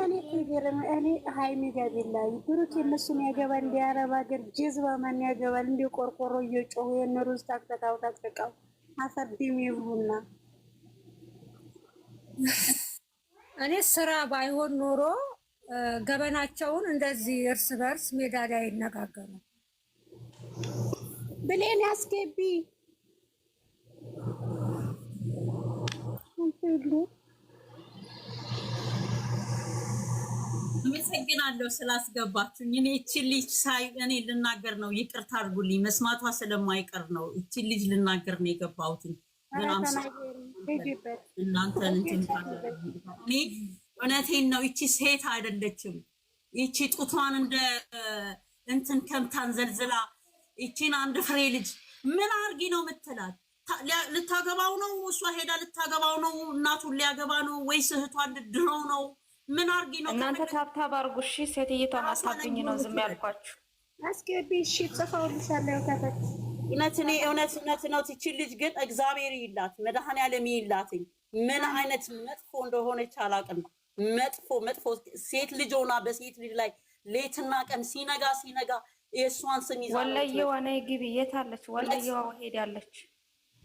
እኔ ይገርም እኔ ሀይሚ ጋር ቢላይ ብሩክ የነሱን ያገባ እንደ አረብ ሀገር ጀዝባ ማን ያገባል? እንደ ቆርቆሮ እየጮሁ የነ ሩዝ ታቅጠቃው አፈርድም ይብሉና እኔ ስራ ባይሆን ኖሮ ገበናቸውን እንደዚህ እርስ በርስ ሜዳ ላይ ይነጋገሩ። ብሌን ያስገቢ ሁሉ አመሰግናለሁ ስላስገባችሁኝ። እኔ እቺ ልጅ ሳይ እኔ ልናገር ነው፣ ይቅርታ አድርጉልኝ። መስማቷ ስለማይቀር ነው። እቺ ልጅ ልናገር ነው የገባሁትኝ። እናንተን እኔ እውነቴን ነው። ይቺ ሴት አይደለችም። ይቺ ጡቷን እንደ እንትን ከምታን ዘልዝላ ይቺን አንድ ፍሬ ልጅ ምን አርጊ ነው ምትላት? ልታገባው ነው እሷ ሄዳ ልታገባው ነው እናቱን ሊያገባ ነው ወይስ እህቷን ድሮ ነው ምን አርጊ ነው እናንተ ታብታብ አርጉ። እሺ ሴትዬ ማሳብኝ ነው ዝም ያልኳችሁ። አስገቢ እሺ፣ ጽፈውልሻለሁ። ከፈት እውነት እኔ እውነት እውነት ነው። ትቺ ልጅ ግን እግዚአብሔር ይላት መድኃኔዓለም ይላትኝ። ምን አይነት መጥፎ እንደሆነች አላቅም። መጥፎ መጥፎ ሴት ልጅ ሆና በሴት ልጅ ላይ ሌትና ቀን ሲነጋ ሲነጋ የእሷን ስም ይዛ ወለየዋ ነይ ግቢ። የት አለች ወለየዋ? ሄዳለች።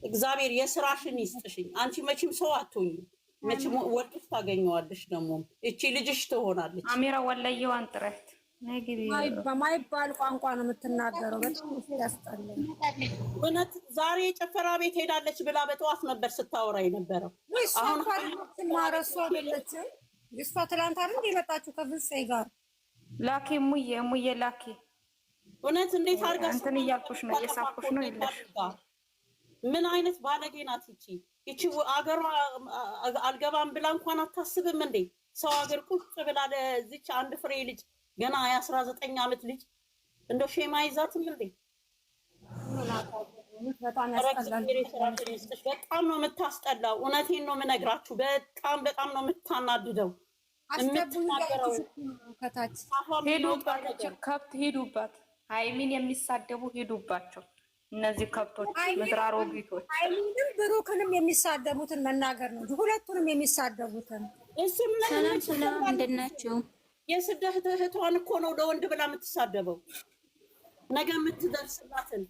እግዚአብሔር የስራሽን ይስጥሽኝ። አንቺ መቼም ሰው አትሆኝም። መቼም ወልድሽ ታገኘዋለሽ። ደግሞ እቺ ልጅሽ ትሆናለች። አሜራ ወላየዋን ጥረት በማይባል ቋንቋ ነው የምትናገረው። በጣም ያስጠላል እውነት። ዛሬ የጨፈራ ቤት ሄዳለች ብላ በጠዋት ነበር ስታወራ የነበረው። ማረሱ አለችም እሷ ትላንት አይደል እንደ የመጣችሁ ከፍፄ ጋር ላኬ ሙዬ ሙዬ ላኬ እውነት እንዴት አድርጋ እንትን እያልኩሽ ነው እየሳኩሽ ነው ይለሽ ምን አይነት ባለጌ ናት ይቺ? ይቺ አገሯ አልገባም ብላ እንኳን አታስብም እንዴ? ሰው ሀገር ቁጭ ብላ ለዚች አንድ ፍሬ ልጅ ገና የአስራ ዘጠኝ ዓመት ልጅ እንደ ሼማ ይዛትም እንዴ? በጣም ነው የምታስጠላው። እውነቴን ነው የምነግራችሁ። በጣም በጣም ነው የምታናድደው። ከታች ሄዱባት፣ ከብት ሄዱባት፣ ሀይሚን የሚሳደቡ ሄዱባቸው። እነዚህ ከብቶች ምድራሮ ቤቶች አይሉንም ብሩክንም የሚሳደቡትን መናገር ነው ሁለቱንም የሚሳደቡትን እሱም ላይ ሰላም ሰላም፣ ናቸው? የስደት እህቷን እኮ ነው ለወንድ ብላ የምትሳደበው ነገ የምትደርስላትን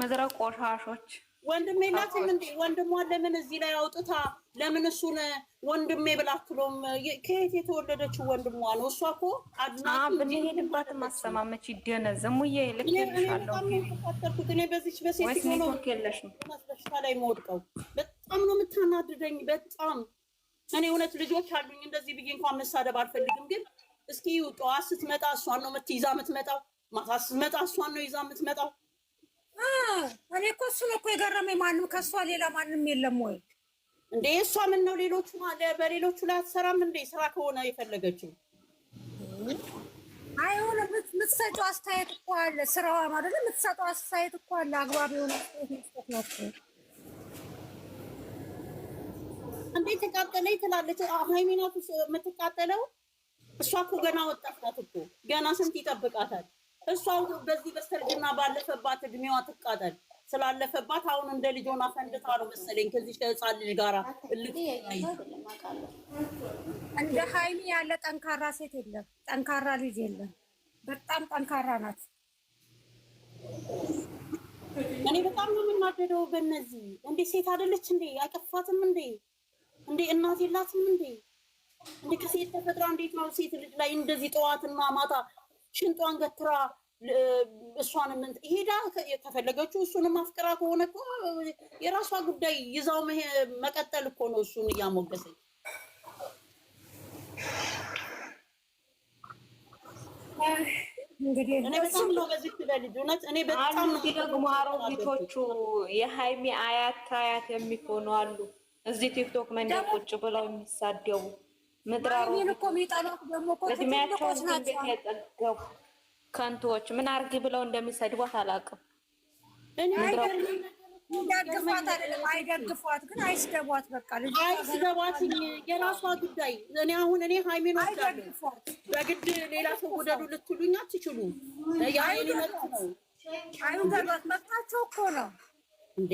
ምድረ ቆሻሾች ወንድሜ ናትም ወንድሟን ለምን እዚህ ላይ አውጥታ ለምን እሱን ወንድሜ ብላክሎም ከየት የተወለደችው ወንድሟ ነው? እሷ እኮ ብንሄድባት ማሰማመች ይደነዘሙዬ ልክሻለሁኩት እኔ በዚች በሴትበሽታ ላይ መወድቀው በጣም ነው የምታናድደኝ። በጣም እኔ እውነት ልጆች አሉኝ እንደዚህ ብዬ እንኳን መሳደብ አልፈልግም፣ ግን እስኪ ጠዋት ስትመጣ እሷን ነው ይዛ የምትመጣው፣ ማታ ስትመጣ እሷን ነው ይዛ የምትመጣው። እኔ እኮ እሱን እኮ የገረመኝ ማንም ከእሷ ሌላ ማንም የለም ወይ እንዴ እሷ ምን ነው ሌሎቹ በሌሎቹ ላይ አትሰራም እንዴ? ስራ ከሆነ የፈለገችው አይሆነ የምትሰጪው አስተያየት እኮ አለ። ስራዋ ማለት የምትሰጠው አስተያየት እኮ አለ። አግባብ የሆነ አስተያየት መስጠት ተቃጠለኝ ትላለች። ሀይሚ የምትቃጠለው። እሷ እኮ ገና ወጣት እኮ ገና ስንት ይጠብቃታል። እሷ በዚህ በስተርጅና ባለፈባት እድሜዋ ትቃጠል። ስላለፈባት አሁን እንደ ልጆን አፈንድታ ነው መሰለኝ ከዚህ ከህፃን ልጅ ጋር እንደ ሀይሚ ያለ ጠንካራ ሴት የለም፣ ጠንካራ ልጅ የለም። በጣም ጠንካራ ናት። እኔ በጣም ነው የምናደደው በእነዚህ እንዴ። ሴት አይደለች እንዴ? አይቀፋትም እንዴ? እንዴ እናት የላትም እንዴ? እንዴ ከሴት ተፈጥራ እንዴት ነው ሴት ልጅ ላይ እንደዚህ ጠዋትና ማታ ሽንጧን ገትራ እሷን ምን ሄዳ የተፈለገችው እሱን ማፍቀራ ከሆነ እኮ የራሷ ጉዳይ ይዛው መቀጠል እኮ ነው። እሱን እያሞገሰኝ እኔ በጣም ነው በዚህ የሀይሚ አያት አያት የሚሆኑ አሉ እዚህ ቲክቶክ መንደር ቁጭ ብለው የሚሳደቡ ምድራሩ እድሜያቸውን እንዴት የጠገቡ ከንቶች ምን አርጊ ብለው እንደሚሰድቧት አላውቅም። እንዳግፏት አይደለም አይደግፏት፣ ግን አይስደቧት። በቃ አይስደቧት፣ የራሷ ጉዳይ። እኔ አሁን እኔ ሃይሜን ወዳለሁ። በግድ ሌላ ሰው ወደዱ ልትሉኝ አትችሉ። የአይን መብት ነው። አይውገዷት፣ መብታቸው እኮ ነው እንዴ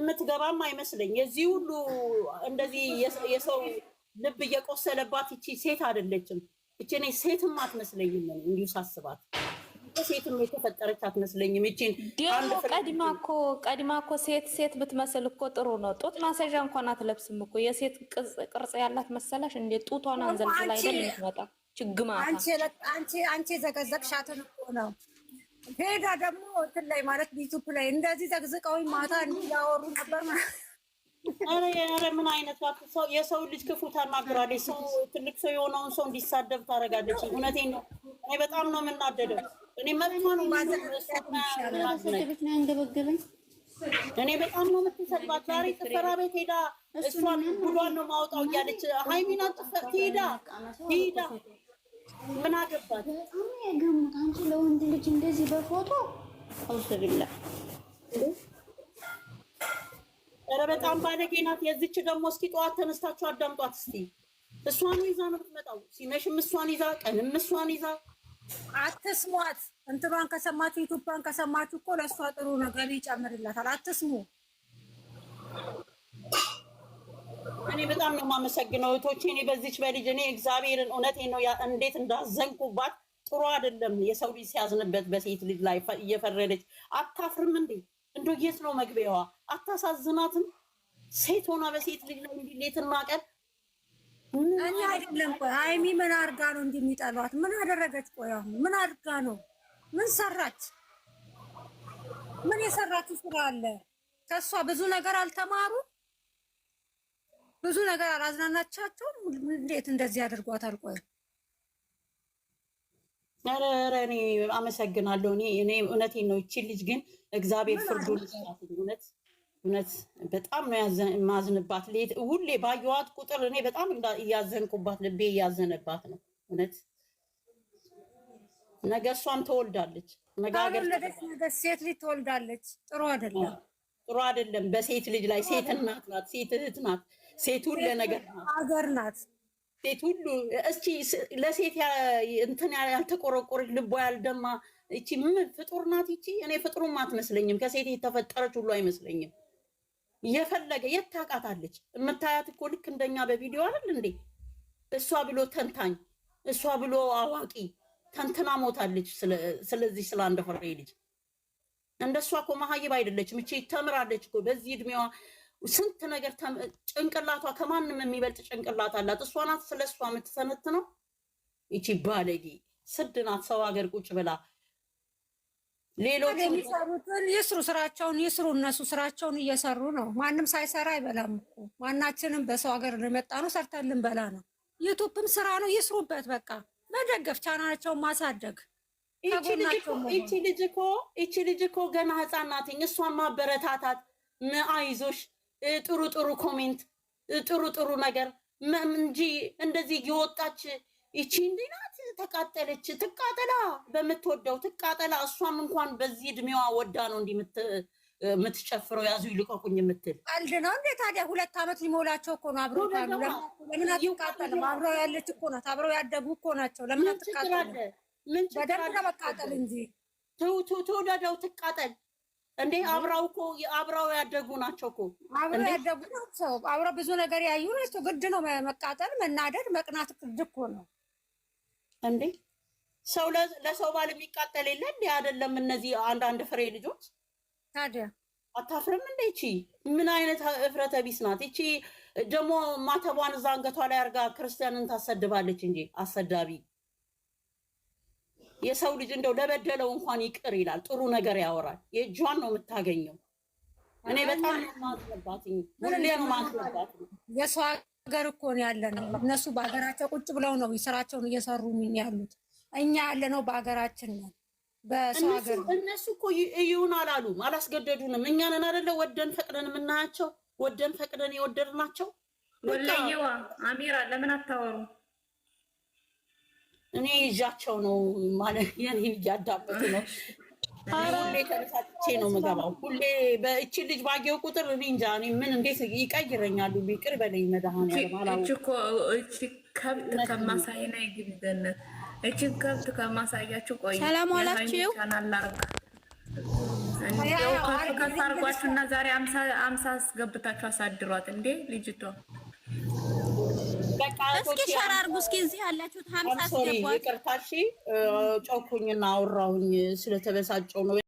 የምትገባም አይመስለኝ። የዚህ ሁሉ እንደዚህ የሰው ልብ እየቆሰለባት ይቺ ሴት አይደለችም። እቺ እኔ ሴትም አትመስለኝም። እንዲሁ ሳስባት ሴትም የተፈጠረች አትመስለኝም። እቺን ደግሞ ቀድማ እኮ ቀድማ እኮ ሴት ሴት ብትመስል እኮ ጥሩ ነው። ጡት ማሰዣ እንኳን አትለብስም እኮ የሴት ቅርጽ ያላት መሰላሽ? እንዴት ጡቷን አንዘልዝላ አይደል የምትመጣ ችግማታ አንቺ የዘቀዘቅሻትን እኮ ነው ሄዳ ደግሞ እንትን ላይ ማለት ዩቱብ ላይ እንደዚህ ዘግዝቀውኝ ማታ እያወሩ ነበር። ኧረ ምን አይነት ሰው የሰው ልጅ ክፉ ታናግራለች። ሰው ትልቅ ሰው የሆነውን ሰው እንዲሳደብ ታደርጋለች። እውነቴን ነው። እኔ በጣም ነው የምናደደው። እኔ መጥቶ ነው እኔ በጣም ነው የምትሰባት። ዛሬ ጥፈራ ቤት ሄዳ እሷን ጉዷን ነው ማውጣው እያለች ሀይሚና ጥፈር ሄዳ ሄዳ ምን አገባት? በጣም የገሙት አንቺ ለወንድ ልጅ እንደዚህ በፎቶ አውስ ኧረ በጣም ባለጌ ናት። የዚች ደግሞ እስኪ ጠዋት ተነስታችሁ አዳምጧት እስኪ እሷን ይዛ ነው የምትመጣው። ሲመሽም እሷን ይዛ፣ ቀንም እሷን ይዛ። አትስሟት። እንትኗን ከሰማችሁ ዩቱባን ከሰማችሁ እኮ ለእሷ ጥሩ ነገር ይጨምርላታል። አትስሙ እኔ በጣም ነው የማመሰግነው እህቶቼ። እኔ በዚች በልጅ እኔ እግዚአብሔርን እውነቴ ነው እንዴት እንዳዘንኩባት። ጥሩ አይደለም የሰው ልጅ ሲያዝንበት በሴት ልጅ ላይ እየፈረደች አታፍርም እንዴ? እንዶ የት ነው መግቢያዋ? አታሳዝናትም? ሴት ሆና በሴት ልጅ ላይ እንዲህ ሌትና ቀን እኔ አይደለም ቆይ፣ አይሚ ምን አድርጋ ነው እንደሚጠሏት? ምን አደረገች? ቆይ አሁን ምን አድርጋ ነው? ምን ሰራች? ምን የሰራችው ስራ አለ? ከእሷ ብዙ ነገር አልተማሩ ብዙ ነገር አላዝናናቻቸውም። እንዴት እንደዚህ አድርጓታል? ቆይ ኧረ እኔ አመሰግናለሁ። እኔ እኔ እውነቴን ነው። ይቺ ልጅ ግን እግዚአብሔር ፍርዱ እውነት እውነት በጣም ነው የማዝንባት። ሁሌ ባየዋት ቁጥር እኔ በጣም እያዘንኩባት፣ ልቤ እያዘነባት ነው እውነት። ነገ እሷም ተወልዳለች፣ ነገ ሴት ልጅ ተወልዳለች። ጥሩ አይደለም፣ ጥሩ አይደለም። በሴት ልጅ ላይ ሴት እናት ናት፣ ሴት እህት ናት። ሴት ሁሉ ነገር ሀገር ናት። ሴት ሁሉ እስኪ ለሴት እንትን ያልተቆረቆረች ልቧ ያልደማ እቺ ምን ፍጡር ናት? ይቺ እኔ ፍጡርም አትመስለኝም። ከሴት የተፈጠረች ሁሉ አይመስለኝም። የፈለገ የት ታውቃታለች? የምታያት እኮ ልክ እንደኛ በቪዲዮ አይደል እንዴ? እሷ ብሎ ተንታኝ፣ እሷ ብሎ አዋቂ ተንትና ሞታለች። ስለዚህ ስለ አንድ ፍሬ ልጅ እንደሷ እኮ መሀይብ አይደለችም። እቺ ተምራለች እኮ በዚህ እድሜዋ ስንት ነገር ጭንቅላቷ ከማንም የሚበልጥ ጭንቅላት አላት። እሷ ናት ስለ እሷ ነው። ይቺ ባለጌ ስድ ናት። ሰው ሀገር ቁጭ ብላ ሌሎች ይስሩ፣ ስራቸውን ይስሩ። እነሱ ስራቸውን እየሰሩ ነው። ማንም ሳይሰራ አይበላም እኮ ማናችንም በሰው ሀገር እንመጣ ነው ሰርተን ልንበላ ነው። ዩቱብም ስራ ነው፣ ይስሩበት። በቃ መደገፍ፣ ቻናቸውን ማሳደግ። ይቺ ልጅ እኮ ገና ህፃን ናትኝ። እሷን ማበረታታት አይዞሽ ጥሩ ጥሩ ኮሜንት፣ ጥሩ ጥሩ ነገር እንጂ እንደዚህ የወጣች ይቺ እንዴ ናት? ተቃጠለች፣ ትቃጠላ፣ በምትወደው ትቃጠላ። እሷም እንኳን በዚህ እድሜዋ ወዳ ነው እንዲህ የምትጨፍረው ያዙ ይልቀቁኝ የምትል ቀልድ ነው እንዴ? ታዲያ ሁለት ዓመት ሊሞላቸው እኮ ነው። አብረው ካሉ ለምን አትቃጠልም? አብረው ያለች እኮ ናት። አብረው ያደጉ እኮ ናቸው። ለምን አትቃጠልም? በደንብ ለመቃጠል እንጂ ትውደደው ትቃጠል እንዴ አብራው እኮ አብራው ያደጉ ናቸው እኮ አብረው ያደጉ ናቸው። አብረው ብዙ ነገር ያዩ ናቸው። ግድ ነው መቃጠል፣ መናደድ፣ መቅናት ግድ እኮ ነው። እንዴ ሰው ለሰው ባል የሚቃጠል የለ እንዴ? አይደለም እነዚህ አንዳንድ ፍሬ ልጆች ታዲያ አታፍርም እንዴ? ይቺ ምን አይነት እፍረተ ቢስ ናት ይቺ ደግሞ? ማተቧን እዛ አንገቷ ላይ አርጋ ክርስቲያንን ታሰድባለች እንጂ አሰዳቢ የሰው ልጅ እንደው ለበደለው እንኳን ይቅር ይላል፣ ጥሩ ነገር ያወራል። የእጇን ነው የምታገኘው። እኔ በጣም ማስለባትኝ ሁሌ ማስለባት የሰው ሀገር እኮ ነው ያለ ነው። እነሱ በሀገራቸው ቁጭ ብለው ነው ስራቸውን እየሰሩ ያሉት። እኛ ያለ ነው በሀገራችን ነው። በሰው እነሱ እኮ ይሁን አላሉም፣ አላስገደዱንም። እኛንን አደለ ወደን ፈቅደን የምናያቸው ወደን ፈቅደን የወደድናቸው። ወላየዋ አሚራ ለምን አታወሩ እኔ ይዣቸው ነው ማለት የኔን እያዳመጡ ነው። ሁሌ ተነሳቼ ነው የምገባው። ሁሌ በእቺ ልጅ ባየው ቁጥር እኔ እንጃ እኔ ምን እንዴት ይቀይረኛል። ቢቅር በለኝ መድኃኒዓለም። ከብት ከማሳይ ና የግቢገነት እችን ከብት ከማሳያችሁ ቆይ ሰላም ዋላችሁ አርጓችሁ እና ዛሬ አምሳ አስገብታችሁ አሳድሯት እንዴ ልጅቷ እስኪ ሸር አድርጉ። እስኪ እዚህ ያላችሁት ሀምሳ ይቅርታ ጮኩኝና አወራሁኝ ስለተበሳጨው ነው።